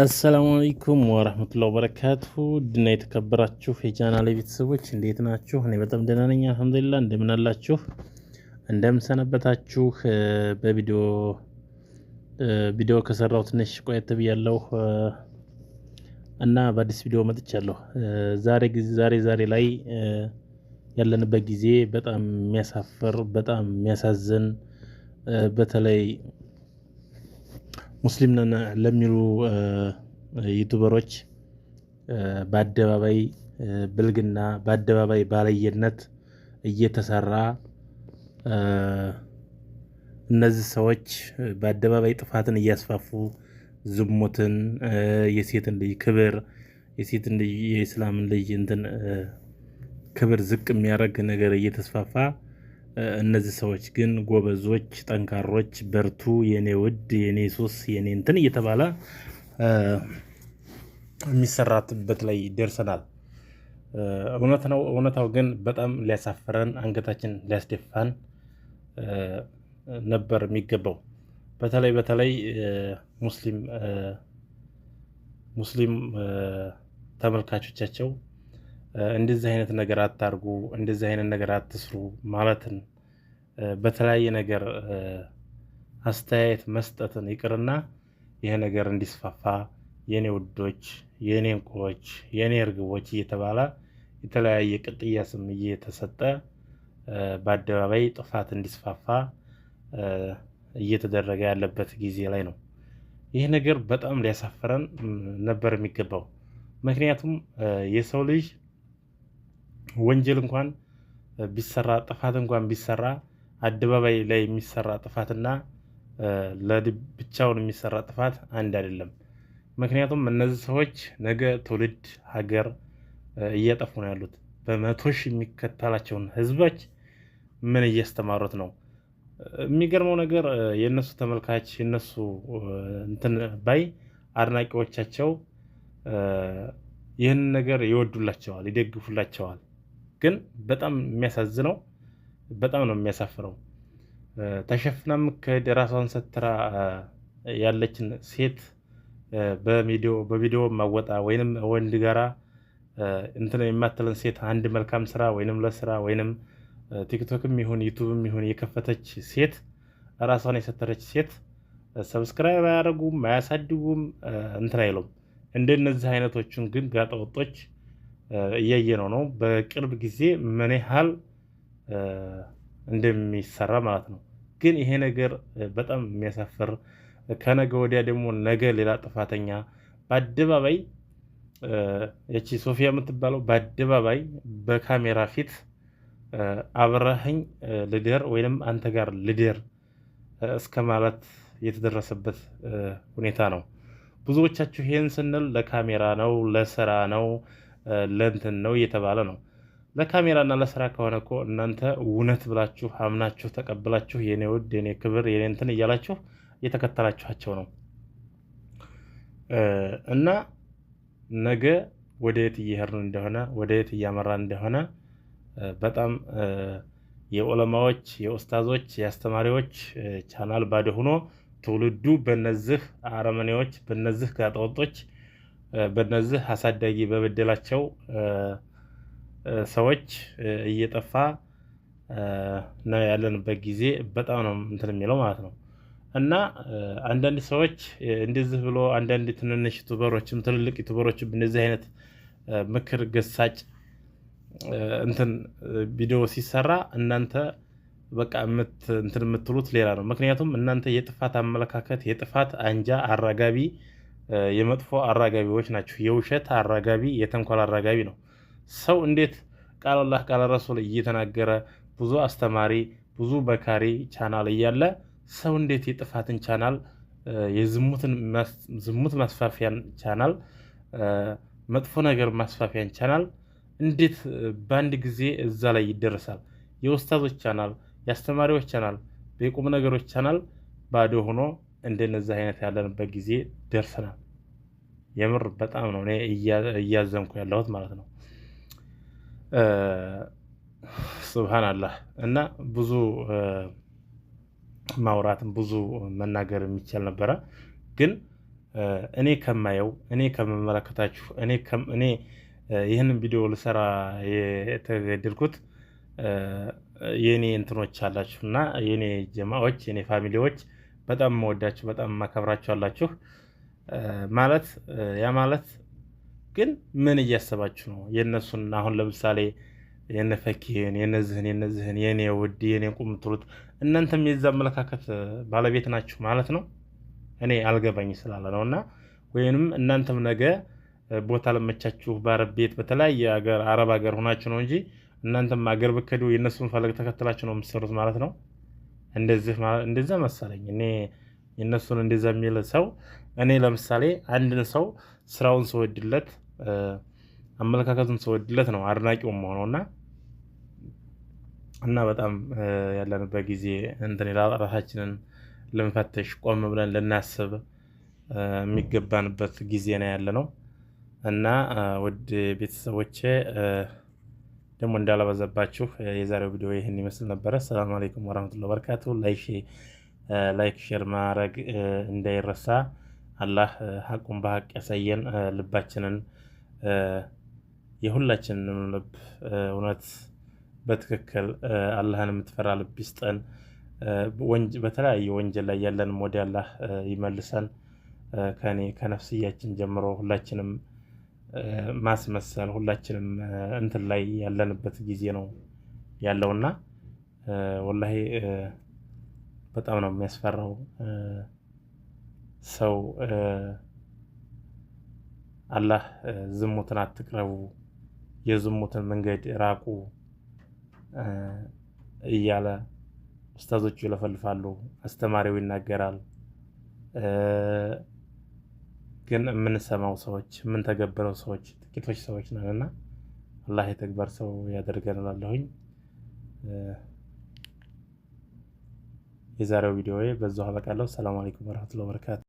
አሰላሙ አለይኩም ወረህመቱላሂ ወበረካቱ ድና የተከበራችሁ የቻናሌ ቤተሰቦች እንዴት ናችሁ? እኔ በጣም ደህና ነኝ አልሐምዱሊላህ። እንደምን አላችሁ? እንደምንሰነበታችሁ። በቪዲዮ ቪዲዮ ከሰራው ትንሽ ቆየት ብያለሁ እና በአዲስ ቪዲዮ መጥቻለሁ። ዛሬ ዛሬ ዛሬ ላይ ያለንበት ጊዜ በጣም የሚያሳፍር በጣም የሚያሳዝን በተለይ ሙስሊም ነን ለሚሉ ዩቱበሮች በአደባባይ ብልግና፣ በአደባባይ ባለየነት እየተሰራ እነዚህ ሰዎች በአደባባይ ጥፋትን እያስፋፉ ዝሙትን፣ የሴትን ልጅ ክብር፣ የሴትን ልጅ የእስላምን ልጅ እንትን ክብር ዝቅ የሚያደርግ ነገር እየተስፋፋ እነዚህ ሰዎች ግን ጎበዞች፣ ጠንካሮች፣ በርቱ፣ የኔ ውድ፣ የኔ ሱስ፣ የኔ እንትን እየተባለ የሚሰራትበት ላይ ደርሰናል። እውነት ነው። እውነታው ግን በጣም ሊያሳፍረን፣ አንገታችን ሊያስደፋን ነበር የሚገባው። በተለይ በተለይ ሙስሊም ሙስሊም ተመልካቾቻቸው እንደዚህ አይነት ነገር አታርጉ፣ እንደዚህ አይነት ነገር አትስሩ ማለትን በተለያየ ነገር አስተያየት መስጠትን ይቅርና ይሄ ነገር እንዲስፋፋ የኔ ውዶች፣ የኔ እንቁዎች፣ የኔ እርግቦች እየተባለ የተለያየ ቅጥያ ስም እየተሰጠ በአደባባይ ጥፋት እንዲስፋፋ እየተደረገ ያለበት ጊዜ ላይ ነው። ይህ ነገር በጣም ሊያሳፍረን ነበር የሚገባው። ምክንያቱም የሰው ልጅ ወንጀል እንኳን ቢሰራ ጥፋት እንኳን ቢሰራ አደባባይ ላይ የሚሰራ ጥፋትና ብቻውን የሚሰራ ጥፋት አንድ አይደለም። ምክንያቱም እነዚህ ሰዎች ነገ ትውልድ ሀገር እያጠፉ ነው ያሉት። በመቶ ሺህ የሚከተላቸውን ህዝቦች ምን እያስተማሩት ነው? የሚገርመው ነገር የእነሱ ተመልካች የእነሱ እንትን ባይ አድናቂዎቻቸው ይህንን ነገር ይወዱላቸዋል፣ ይደግፉላቸዋል። ግን በጣም የሚያሳዝነው በጣም ነው የሚያሳፍረው። ተሸፍናም ከሄድ ራሷን ሰትራ ያለችን ሴት በቪዲዮ ማወጣ ወይንም ወንድ ጋራ እንትን የማትለን ሴት አንድ መልካም ስራ ወይንም ለስራ ወይንም ቲክቶክም ይሁን ዩቱብም ይሁን የከፈተች ሴት ራሷን የሰተረች ሴት ሰብስክራይብ አያደርጉም፣ አያሳድጉም፣ እንትን አይሉም። እንደነዚህ አይነቶችን ግን ጋጠወጦች እያየ ነው ነው በቅርብ ጊዜ ምን ያህል እንደሚሰራ ማለት ነው። ግን ይሄ ነገር በጣም የሚያሳፍር ከነገ ወዲያ ደግሞ ነገ ሌላ ጥፋተኛ በአደባባይ ቺ ሶፊያ የምትባለው በአደባባይ በካሜራ ፊት አብረህኝ ልደር ወይም አንተ ጋር ልደር እስከ ማለት የተደረሰበት ሁኔታ ነው። ብዙዎቻችሁ ይህን ስንል ለካሜራ ነው፣ ለስራ ነው፣ ለእንትን ነው እየተባለ ነው። ለካሜራና ለስራ ከሆነ እኮ እናንተ እውነት ብላችሁ አምናችሁ ተቀብላችሁ የኔ ውድ የኔ ክብር የኔ እንትን እያላችሁ እየተከተላችኋቸው ነው እና ነገ ወደ የት እየሄድን እንደሆነ ወደ የት እያመራን እንደሆነ በጣም የዑለማዎች የኡስታዞች የአስተማሪዎች ቻናል ባዶ ሆኖ ትውልዱ በነዚህ አረመኔዎች በነዚህ ጋጠወጦች በነዚህ አሳዳጊ በበደላቸው ሰዎች እየጠፋ ነው ያለንበት ጊዜ በጣም ነው እንትን የሚለው ማለት ነው። እና አንዳንድ ሰዎች እንደዚህ ብሎ አንዳንድ ትንንሽ ዩቱበሮችም ትልልቅ ዩቱበሮችም እንደዚህ አይነት ምክር ገሳጭ እንትን ቪዲዮ ሲሰራ እናንተ በቃ እንትን የምትሉት ሌላ ነው። ምክንያቱም እናንተ የጥፋት አመለካከት የጥፋት አንጃ አራጋቢ፣ የመጥፎ አራጋቢዎች ናቸው። የውሸት አራጋቢ፣ የተንኮል አራጋቢ ነው። ሰው እንዴት ቃል አላህ ቃል ረሱል እየተናገረ ብዙ አስተማሪ ብዙ በካሪ ቻናል እያለ ሰው እንዴት የጥፋትን ቻናል የዝሙትን ዝሙት ማስፋፊያን ቻናል መጥፎ ነገር ማስፋፊያን ቻናል እንዴት በአንድ ጊዜ እዛ ላይ ይደረሳል? የውስታዞች ቻናል፣ የአስተማሪዎች ቻናል፣ የቁም ነገሮች ቻናል ባዶ ሆኖ እንደነዚህ አይነት ያለንበት ጊዜ ደርሰናል። የምር በጣም ነው እኔ እያዘንኩ ያለሁት ማለት ነው። ስብሃናላህ እና ብዙ ማውራትም ብዙ መናገር የሚቻል ነበረ። ግን እኔ ከማየው እኔ ከምመለከታችሁ እኔ ይህንን ቪዲዮ ልሰራ የተገደልኩት የእኔ እንትኖች አላችሁ እና የእኔ ጀማዎች የእኔ ፋሚሊዎች በጣም መወዳችሁ በጣም ማከብራችሁ አላችሁ ማለት ያ ማለት ግን ምን እያሰባችሁ ነው? የእነሱን አሁን ለምሳሌ የነፈኪን የነዝህን የነዝህን የኔ ውድ የኔ ቁም እናንተም የዛ አመለካከት ባለቤት ናችሁ ማለት ነው። እኔ አልገባኝ ስላለ ነው እና ወይንም እናንተም ነገ ቦታ ለመቻችሁ በአረብ ቤት በተለያየ አገር አረብ ሀገር ሆናችሁ ነው እንጂ እናንተም አገር በከዱ የእነሱን ፈለግ ተከትላችሁ ነው የምትሰሩት ማለት ነው። እንደዛ መሰለኝ እኔ የእነሱን እንደዛ የሚል ሰው እኔ ለምሳሌ አንድን ሰው ስራውን ስወድለት አመለካከቱን ስወድለት ነው አድናቂውም ሆነው እና እና በጣም ያለንበት ጊዜ እንትን ራሳችንን ልንፈትሽ ቆም ብለን ልናስብ የሚገባንበት ጊዜ ነው ያለ ነው እና ውድ ቤተሰቦቼ ደግሞ እንዳለበዘባችሁ የዛሬው ቪዲዮ ይህን ይመስል ነበረ። ሰላም አለይኩም ወረመቱላ በርካቱ። ላይክ ሼር ማድረግ እንዳይረሳ። አላህ ሀቁን በሀቅ ያሳየን ልባችንን የሁላችንንም ልብ እውነት በትክክል አላህን የምትፈራ ልብ ይስጠን። በተለያየ ወንጀል ላይ ያለንም ወደ አላህ ይመልሰን። ከኔ ከነፍስያችን ጀምሮ ሁላችንም ማስመሰል ሁላችንም እንትን ላይ ያለንበት ጊዜ ነው ያለውና ወላሂ በጣም ነው የሚያስፈራው ሰው አላህ ዝሙትን አትቅረቡ፣ የዝሙትን መንገድ ራቁ እያለ ኡስታዞቹ ይለፈልፋሉ፣ አስተማሪው ይናገራል። ግን የምንሰማው ሰዎች የምንተገብረው ሰዎች ጥቂቶች ሰዎች ነን እና አላህ የተግባር ሰው ያደርገን እላለሁኝ። የዛሬው ቪዲዮ በዛው አበቃለሁ። ሰላም አለይኩም ወረህመቱላሂ ወበረካቱ።